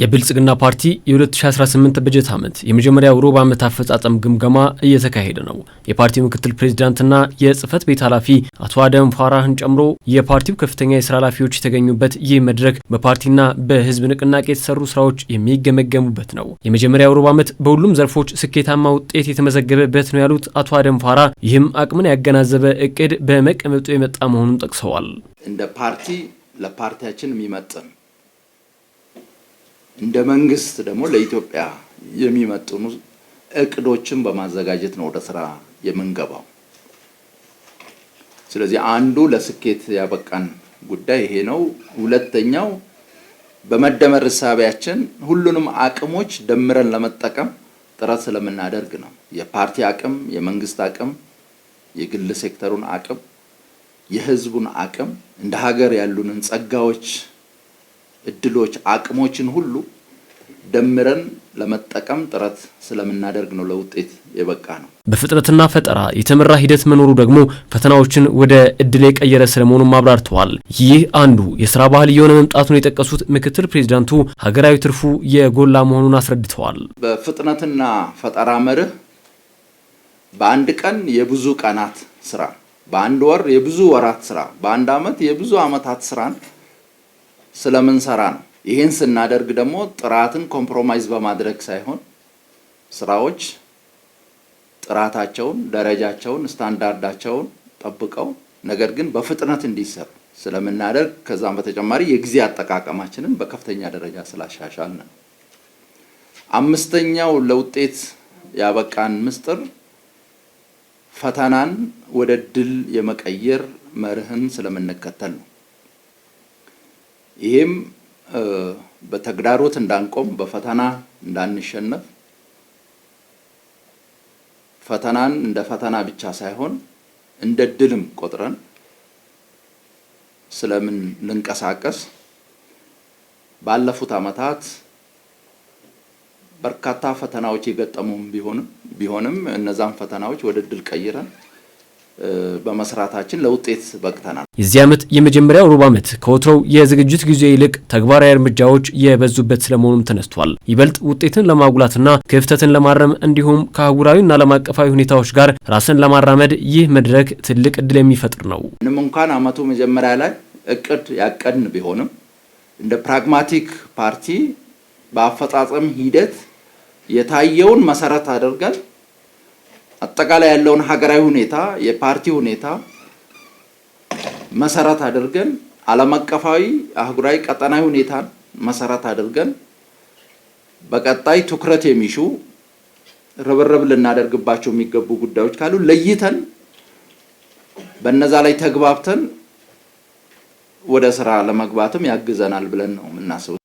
የብልጽግና ፓርቲ የ2018 በጀት ዓመት የመጀመሪያ ሩብ ዓመት አፈጻጸም ግምገማ እየተካሄደ ነው። የፓርቲው ምክትል ፕሬዚዳንትና የጽህፈት ቤት ኃላፊ አቶ አደም ፋራህን ጨምሮ የፓርቲው ከፍተኛ የስራ ኃላፊዎች የተገኙበት ይህ መድረክ በፓርቲና በህዝብ ንቅናቄ የተሰሩ ስራዎች የሚገመገሙበት ነው። የመጀመሪያ ሩብ ዓመት በሁሉም ዘርፎች ስኬታማ ውጤት የተመዘገበበት ነው ያሉት አቶ አደም ፋራ፣ ይህም አቅምን ያገናዘበ እቅድ በመቀመጡ የመጣ መሆኑን ጠቅሰዋል። እንደ ፓርቲ ለፓርቲያችን የሚመጥን እንደ መንግስት ደግሞ ለኢትዮጵያ የሚመጥኑ እቅዶችን በማዘጋጀት ነው ወደ ስራ የምንገባው። ስለዚህ አንዱ ለስኬት ያበቃን ጉዳይ ይሄ ነው። ሁለተኛው በመደመር እሳቢያችን ሁሉንም አቅሞች ደምረን ለመጠቀም ጥረት ስለምናደርግ ነው። የፓርቲ አቅም፣ የመንግስት አቅም፣ የግል ሴክተሩን አቅም፣ የህዝቡን አቅም እንደ ሀገር ያሉንን ጸጋዎች እድሎች፣ አቅሞችን ሁሉ ደምረን ለመጠቀም ጥረት ስለምናደርግ ነው ለውጤት የበቃ ነው። በፍጥረትና ፈጠራ የተመራ ሂደት መኖሩ ደግሞ ፈተናዎችን ወደ እድል የቀየረ ስለመሆኑም አብራርተዋል። ይህ አንዱ የስራ ባህል እየሆነ መምጣቱን የጠቀሱት ምክትል ፕሬዚዳንቱ ሀገራዊ ትርፉ የጎላ መሆኑን አስረድተዋል። በፍጥነትና ፈጠራ መርህ በአንድ ቀን የብዙ ቀናት ስራ፣ በአንድ ወር የብዙ ወራት ስራ፣ በአንድ ዓመት የብዙ ዓመታት ስራን ስለምንሰራ ነው። ይህን ስናደርግ ደግሞ ጥራትን ኮምፕሮማይዝ በማድረግ ሳይሆን ስራዎች ጥራታቸውን፣ ደረጃቸውን፣ ስታንዳርዳቸውን ጠብቀው ነገር ግን በፍጥነት እንዲሰሩ ስለምናደርግ ከዛም በተጨማሪ የጊዜ አጠቃቀማችንን በከፍተኛ ደረጃ ስላሻሻል ነው። አምስተኛው ለውጤት ያበቃን ምስጢር ፈተናን ወደ ድል የመቀየር መርህን ስለምንከተል ነው። ይህም በተግዳሮት እንዳንቆም በፈተና እንዳንሸነፍ ፈተናን እንደ ፈተና ብቻ ሳይሆን እንደ ድልም ቆጥረን ስለምን ልንቀሳቀስ ባለፉት ዓመታት በርካታ ፈተናዎች የገጠሙም ቢሆንም እነዛን ፈተናዎች ወደ ድል ቀይረን በመስራታችን ለውጤት በቅተናል። የዚህ ዓመት የመጀመሪያው ሩብ ዓመት ከወትሮው የዝግጅት ጊዜ ይልቅ ተግባራዊ እርምጃዎች የበዙበት ስለመሆኑም ተነስቷል። ይበልጥ ውጤትን ለማጉላትና ክፍተትን ለማረም እንዲሁም ከአህጉራዊና ዓለም አቀፋዊ ሁኔታዎች ጋር ራስን ለማራመድ ይህ መድረክ ትልቅ እድል የሚፈጥር ነው። ምንም እንኳን ዓመቱ መጀመሪያ ላይ እቅድ ያቀድን ቢሆንም እንደ ፕራግማቲክ ፓርቲ በአፈጻጸም ሂደት የታየውን መሰረት አድርገን አጠቃላይ ያለውን ሀገራዊ ሁኔታ፣ የፓርቲ ሁኔታ መሰረት አድርገን ዓለም አቀፋዊ፣ አህጉራዊ፣ ቀጠናዊ ሁኔታን መሰረት አድርገን በቀጣይ ትኩረት የሚሹ ርብርብ ልናደርግባቸው የሚገቡ ጉዳዮች ካሉ ለይተን በነዛ ላይ ተግባብተን ወደ ስራ ለመግባትም ያግዘናል ብለን ነው የምናስበው።